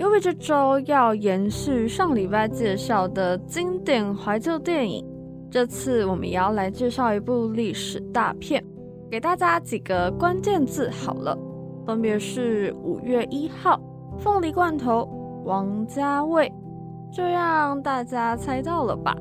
因為這周要延續上禮拜介紹的經典懷舊電影，這次我們也要來介紹一部歷史大片，給大家幾個關鍵字好了，分別是五月一號、鳳梨罐頭、王家衛，就讓大家猜到了吧！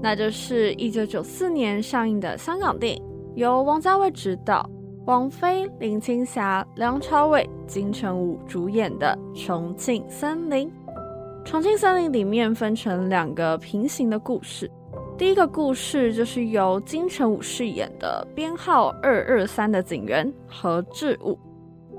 那就是一九九四年上映的香港電影，由王家衛執導。王菲、林青霞、梁朝偉、金城武主演的《重慶森林》，《重慶森林》裡面分成兩個平行的故事。第一個故事就是由金城武飾演的編號二二三的警員何志武。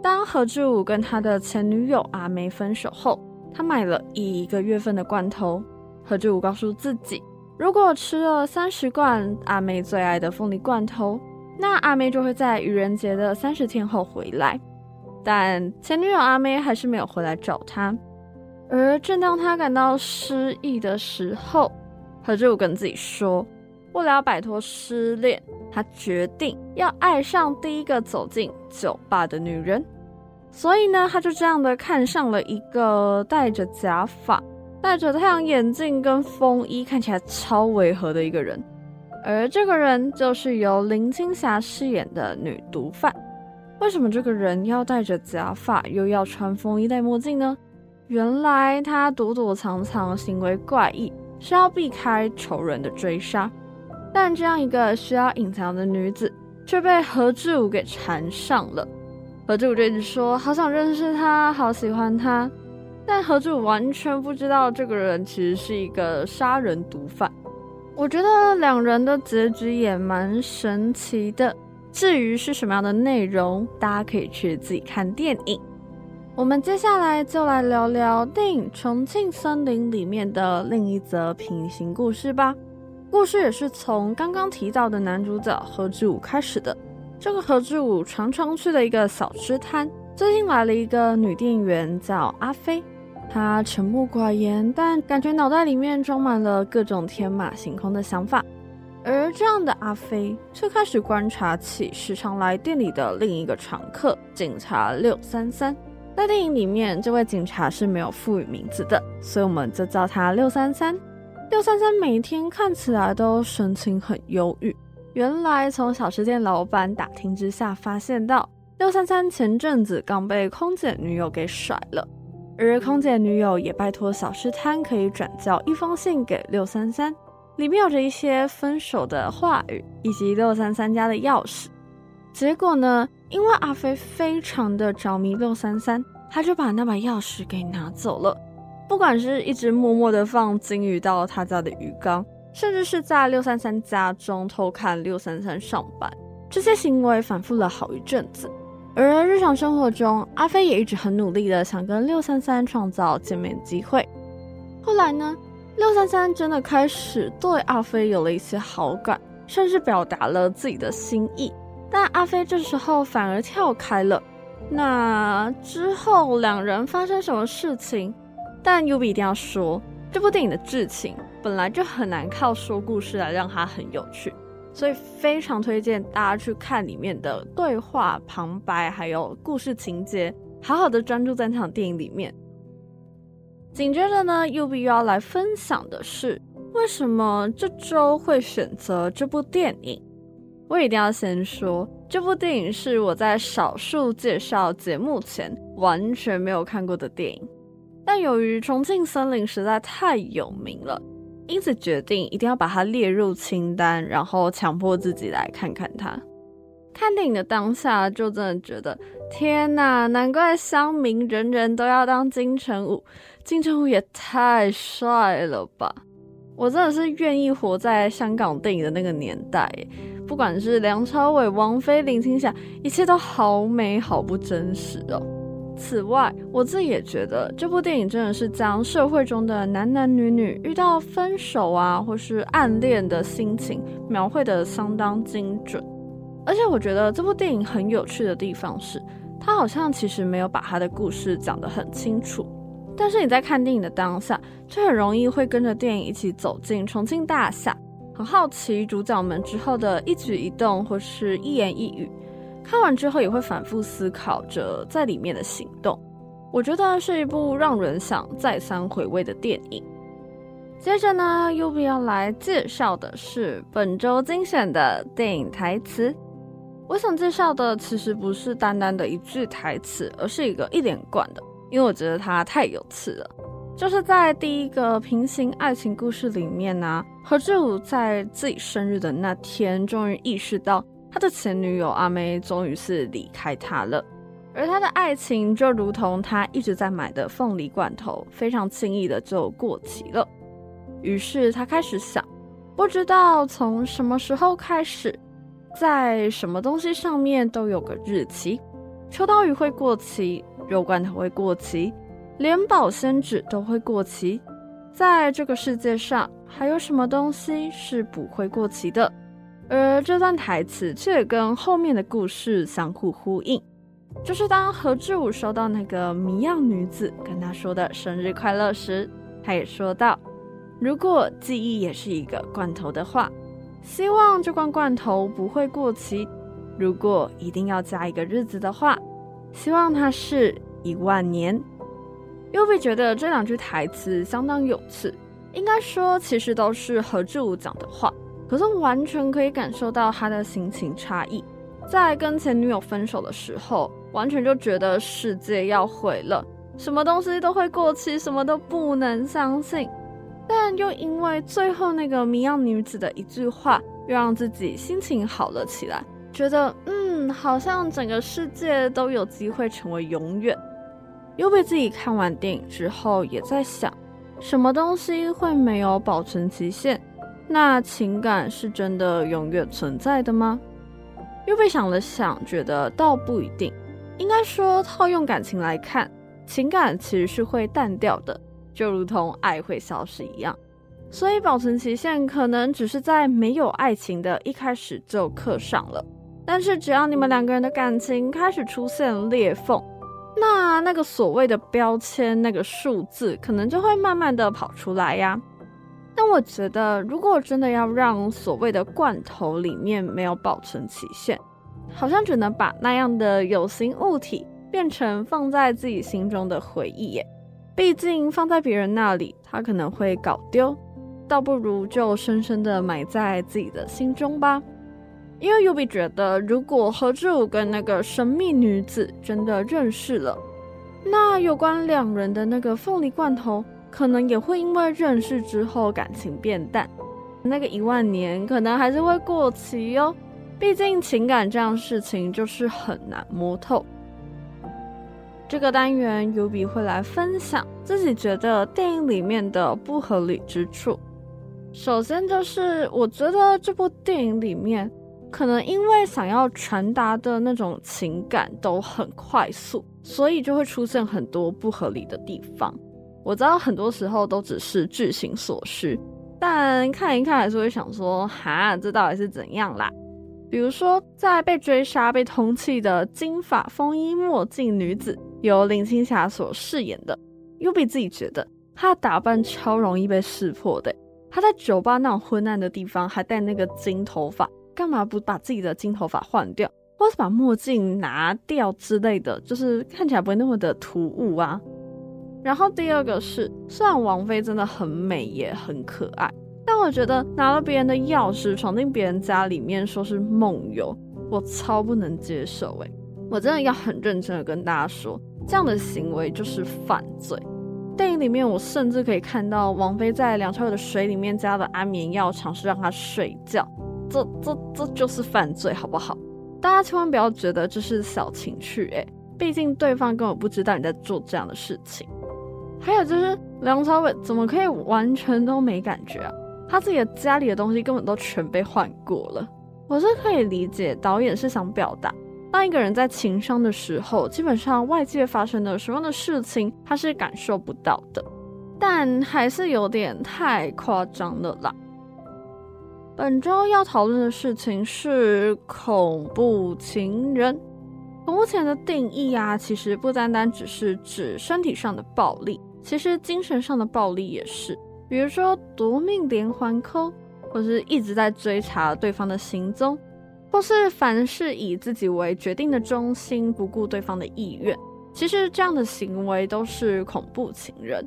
當何志武跟他的前女友阿梅分手後，他買了一個月份的罐頭。何志武告訴自己，如果吃了三十罐阿梅最愛的鳳梨罐頭。那阿妹就會在愚人節的三十天後回來，但前女友阿妹還是沒有回來找他。而正當他感到失意的時候，何志武跟自己說，為了擺脫失戀，他決定要愛上第一個走進酒吧的女人。所以呢，他就這樣的看上了一個戴着假髮、戴着太陽眼鏡跟風衣，看起來超違和的一個人。而這個人就是由林青霞飾演的女毒販。為什麼這個人要戴着假髮，又要穿風衣戴墨鏡呢？原來她躲躲藏藏，行為怪異，是要避開仇人的追殺。但這樣一個需要隱藏的女子，卻被何志武給纏上了。何志武就一直說好想認識她，好喜歡她，但何志武完全不知道這個人其實是一個殺人毒販。我覺得兩人的結局也蠻神奇的。至於是什麼樣的內容，大家可以去自己看電影。我們接下來就來聊聊電影《重慶森林》裡面的另一則平行故事吧。故事也是從剛剛提到的男主角何志武開始的。這個何志武常常去的一個小吃攤，最近來了一個女店員叫阿菲。他沉默寡言，但感覺腦袋裡面裝滿了各種天馬行空的想法。而這樣的阿菲，卻開始觀察起時常來店裡的另一個常客——警察六三三。在電影裡面，這位警察是沒有賦予名字的，所以我們就叫他六三三。六三三每天看起來都神情很憂鬱。原來，從小吃店老板打聽之下發現到，六三三前陣子剛被空姐女友給甩了。而空姐女友也拜託小師攤可以轉交一封信給六三三，裡面有着一些分手的話語以及六三三家的鑰匙。結果呢，因為阿菲非常的着迷六三三，他就把那把鑰匙給拿走了。不管是一直默默的放金魚到他家的魚缸，甚至是在六三三家中偷看六三三上班，這些行為反覆了好一陣子。而日常生活中，阿菲也一直很努力的想跟六三三創造見面機會。後來呢，六三三真的開始對阿菲有了一些好感，甚至表達了自己的心意。但阿菲這時候反而跳開了。那之後兩人發生什麼事情？但優必一定要說，這部電影的劇情本來就很難靠說故事來讓它很有趣。所以非常推薦大家去看裡面的對話、旁白，還有故事情節，好好的專注在那場電影裡面。緊接着呢，又必須要來分享的是，為什麼這週會選擇這部電影？我一定要先說，這部電影是我在少數介紹節目前完全沒有看過的電影，但由於《重慶森林》實在太有名了。因此決定一定要把它列入清單，然後強迫自己來看看它。看電影的當下，就真的覺得天吶，難怪鄉民人人都要當金城武，金城武也太帥了吧！我真的是願意活在香港電影的那個年代，不管是梁朝偉、王菲、林青霞，一切都好美好不真實哦。此外，我自己也覺得這部電影真的是將社會中的男男女女遇到分手啊，或是暗戀的心情描繪得相當精準。而且，我覺得這部電影很有趣的地方是，它好像其實沒有把它的故事講得很清楚，但是你在看電影的當下，卻很容易會跟着電影一起走進重慶大廈，很好，好奇主角們之後的一舉一動或是一言一語。看完之後也會反覆思考着在裡面的行動，我覺得是一部讓人想再三回味的電影。接着呢，又不要來介紹的是本周精選的電影台詞。我想介紹的其實不是單單的一句台詞，而是一個一連貫的，因為我覺得它太有刺了。就是在第一個平行愛情故事裡面呢、啊，何志武在自己生日的那天，終於意識到。他的前女友阿妹終於是離開他了，而他的愛情就如同他一直在買的鳳梨罐頭，非常輕易的就過期了。於是他開始想，不知道從什麼時候開始，在什麼東西上面都有個日期，秋刀魚會過期，肉罐頭會過期，連保鮮紙都會過期。在這個世界上，還有什麼東西是不會過期的？而這段台詞卻也跟後面的故事相互呼應，就是當何志武收到那個謎樣女子跟他說的生日快樂時，他也說道：“如果記憶也是一個罐頭的話，希望這罐罐頭不會過期。如果一定要加一個日子的話，希望它是一萬年。”優貝覺得這兩句台詞相當有趣，應該說其實都是何志武講的話。可是完全可以感受到他的心情差異，在跟前女友分手的時候，完全就覺得世界要毀了，什麼東西都會過期，什麼都不能相信。但又因為最後那個謎樣女子的一句話，又讓自己心情好了起來，覺得嗯，好像整個世界都有機會成為永遠。又被自己看完電影之後，也在想，什麼東西會沒有保存期限？那情感是真的永遠存在的嗎？又被想了想，覺得倒不一定。應該說，套用感情來看，情感其實是會淡掉的，就如同愛會消失一樣。所以保存期限可能只是在沒有愛情的一開始就刻上了。但是只要你們兩個人的感情開始出現裂縫，那那個所謂的標籤，那個數字，可能就會慢慢的跑出來呀。但我覺得，如果真的要讓所謂的罐頭裡面沒有保存期限，好像只能把那樣的有形物體變成放在自己心中的回憶耶。畢竟放在別人那裡，他可能會搞丟，倒不如就深深的埋在自己的心中吧。因為尤比覺得，如果何志武跟那個神秘女子真的認識了，那有關兩人的那個鳳梨罐頭。可能也會因為認識之後感情變淡，那個一萬年可能還是會過期哦。畢竟情感這樣事情就是很難摸透。這個單元尤比會來分享自己覺得電影裡面的不合理之處。首先就是我覺得這部電影裡面，可能因為想要傳達的那種情感都很快速，所以就會出現很多不合理的地方。我知道很多時候都只是劇情所需，但看一看還是會想說，哈，這到底是怎樣啦？比如說，在被追殺、被通緝的金髮風衣墨鏡女子，由林青霞所飾演的，又被自己覺得，她的打扮超容易被識破的。她在酒吧那種昏暗的地方，還戴那個金頭髮，幹嘛不把自己的金頭髮換掉，或是把墨鏡拿掉之類的，就是看起來不會那麼的突兀啊。然後第二個是，雖然王菲真的很美也很可愛，但我覺得拿了別人的鑰匙闖進別人家裡面說是夢遊，我超不能接受哎！我真的要很認真地跟大家說，這樣的行為就是犯罪。電影裡面我甚至可以看到王菲在梁朝偉的水裡面加了安眠藥，嘗試讓他睡覺。這這這就是犯罪，好不好？大家千萬不要覺得這是小情趣哎，畢竟對方根本不知道你在做這樣的事情。還有就是梁朝偉怎麼可以完全都沒感覺啊？他自己的家裡的東西根本都全被換過了。我是可以理解導演是想表達，當一個人在情傷的時候，基本上外界發生的什麼樣的事情他是感受不到的。但還是有點太誇張了啦。本周要討論的事情是恐怖情人。目前的定義啊，其實不單單只是指身體上的暴力。其實精神上的暴力也是，比如說奪命連環 call，或者是一直在追查對方的行蹤，或是凡事以自己為決定的中心，不顧對方的意願。其實這樣的行為都是恐怖情人。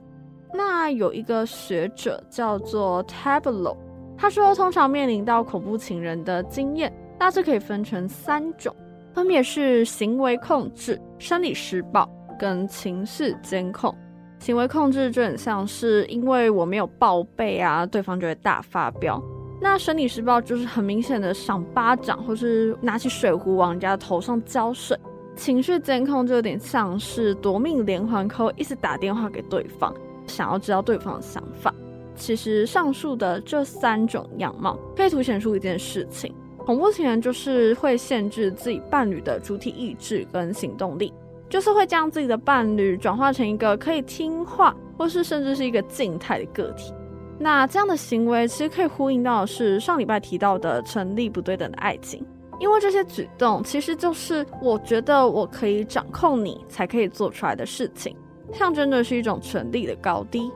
那有一個學者叫做 Tablo，他說，通常面臨到恐怖情人的經驗，大致可以分成三種，分別是行為控制、生理施暴跟情緒監控。行為控制就很像是因為我沒有報備啊，對方就會大發飆。那生理施暴就是很明顯的賞巴掌，或是拿起水壺往人家頭上澆水。情緒監控就有點像是奪命連環 call，一直打電話給對方，想要知道對方的想法。其實上述的這三種樣貌，可以凸顯出一件事情：恐怖情人就是會限制自己伴侶的主體意志跟行動力。就是會將自己的伴侶轉化成一個可以聽話，或是甚至是一個靜態的個體。那這樣的行為其實可以呼應到的是上禮拜提到的成立不對等的愛情，因為這些舉動其實就是我覺得我可以掌控你才可以做出來的事情，象徵的是一種權力的高低。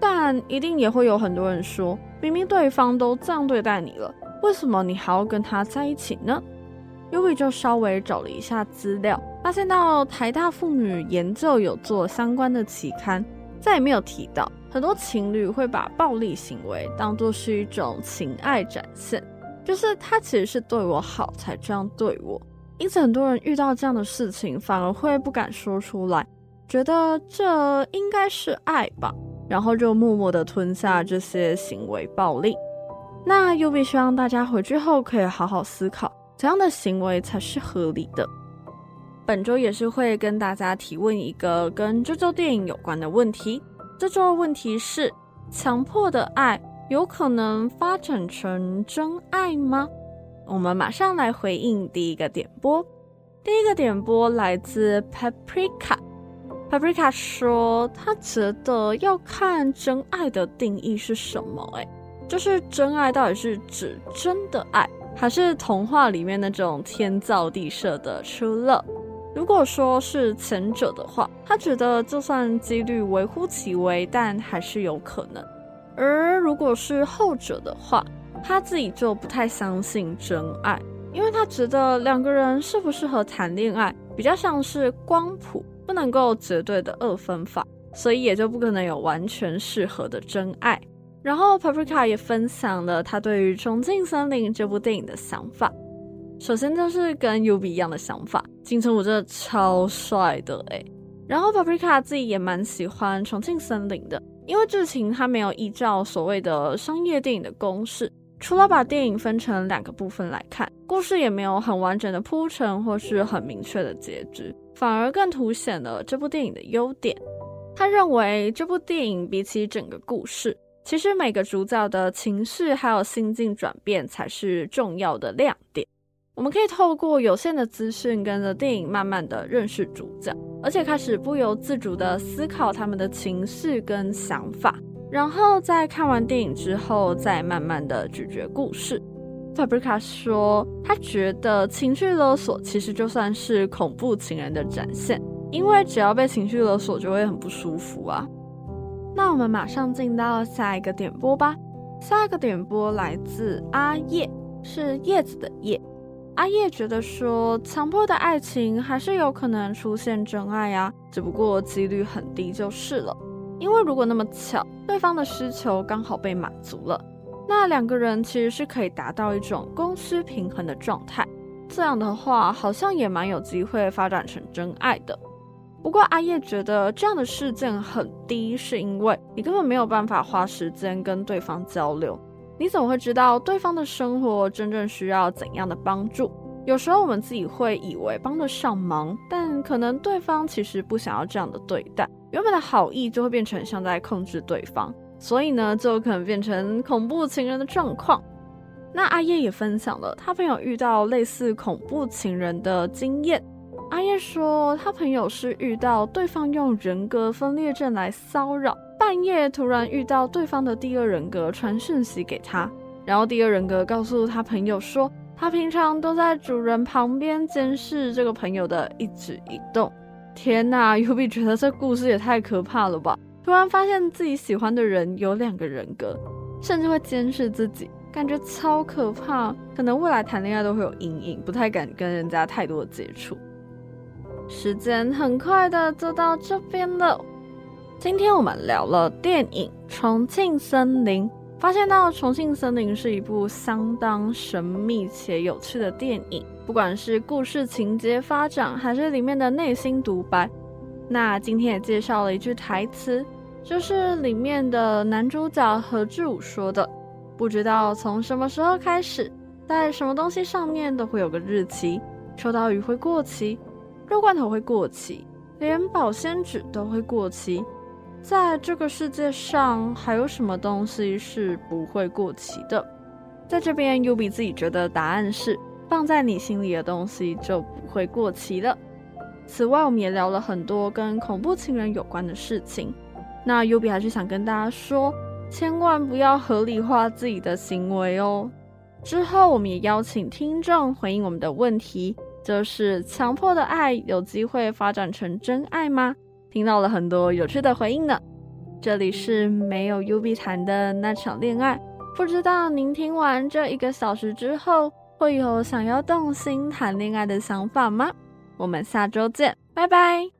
但一定也會有很多人說，明明對方都這樣對待你了，為什麼你還要跟他在一起呢？優比就稍微找了一下資料。發現到台大婦女研究有做相關的期刊，再也沒有提到。很多情侶會把暴力行為當作是一種情愛展現，就是他其實是對我好才這樣對我。因此，很多人遇到這樣的事情反而會不敢說出來，覺得這應該是愛吧，然後就默默的吞下這些行為暴力。那又必須讓大家回去後可以好好思考，怎樣的行為才是合理的。本周也是會跟大家提問一個跟這周電影有關的問題。這周的問題是：強迫的愛有可能發展成真愛嗎？我們馬上來回應第一個點播。第一個點播來自 Paprika，Paprika Paprika 說她覺得要看真愛的定義是什麼，欸。就是真愛到底是指真的愛，還是童話裡面那種天造地設的 true love 如果說是前者的話，他覺得就算幾率微乎其微，但還是有可能；而如果是後者的話，他自己就不太相信真愛，因為他覺得兩個人適不適合談戀愛，比較像是光譜，不能夠絕對的二分法，所以也就不可能有完全適合的真愛。然後，Paprika 也分享了他對於《重慶森林》這部電影的想法。首先就是跟 Yubi 一樣的想法，金城武真的超帥的哎、欸。然後 Paprika 自己也蠻喜歡重慶森林的，因為劇情他沒有依照所謂的商業電影的公式，除了把電影分成兩個部分來看，故事也沒有很完整的鋪陳或是很明確的結局，反而更凸顯了這部電影的優點。他認為這部電影比起整個故事，其實每個主角的情緒還有心境轉變才是重要的亮點。我們可以透過有限的資訊，跟着電影慢慢的認識主角，而且開始不由自主地思考他們的情緒跟想法。然後在看完電影之後，再慢慢地咀嚼故事。Fabrica 說，他覺得情緒勒索其實就算是恐怖情人的展現，因為只要被情緒勒索，就會很不舒服啊。那我們馬上進到下一個點播吧。下一個點播來自阿葉，是葉子的葉。阿夜覺得說，強迫的愛情還是有可能出現真愛呀，啊，只不過幾率很低就是了。因為如果那麼巧，對方的需求剛好被滿足了，那兩個人其實是可以達到一種供需平衡的狀態這樣的話，好像也蠻有機會發展成真愛的。不過阿夜覺得這樣的事件很低，是因為你根本沒有辦法花時間跟對方交流。你總會知道對方的生活真正需要怎樣的幫助？有時候我們自己會以為幫得上忙，但可能對方其實不想要這樣的對待，原本的好意就會變成像在控制對方，所以呢，就可能變成恐怖情人的狀況。那阿葉也分享了他朋友遇到類似恐怖情人的經驗。阿葉說，他朋友是遇到對方用人格分裂症來騷擾。半夜突然遇到對方的第二人格傳訊息給他，然後第二人格告訴他朋友說，他平常都在主人旁邊監視這個朋友的一舉一動。天哪，啊，優比覺得這故事也太可怕了吧！突然發現自己喜歡的人有兩個人格，甚至會監視自己，感覺超可怕。可能未來談戀愛都會有陰影，不太敢跟人家太多接觸。時間很快的就到這邊了。今天我們聊了電影《重慶森林》，發現到《重慶森林》是一部相當神秘且有趣的電影，不管是故事情節發展，還是裡面的內心獨白。那今天也介紹了一句台詞，就是裡面的男主角何志武說的：“不知道從什麼時候開始，在什麼東西上面都會有個日期，秋刀魚會過期，肉罐頭會過期，連保鮮紙都會過期。”在這個世界上，還有什麼東西是不會過期的？在這邊，Yubi 自己覺得答案是放在你心裡的東西就不會過期了。此外，我們也聊了很多跟恐怖情人有關的事情。那 Yubi 還是想跟大家說，千萬不要合理化自己的行為哦。之後，我們也邀請聽眾回應我們的問題，就是強迫的愛有機會發展成真愛嗎？聽到了很多有趣的回應呢。這裡是沒有 UB 談的那場戀愛，不知道您聽完這一個小時之後，會有想要動心談戀愛的想法嗎？我們下周見，拜拜。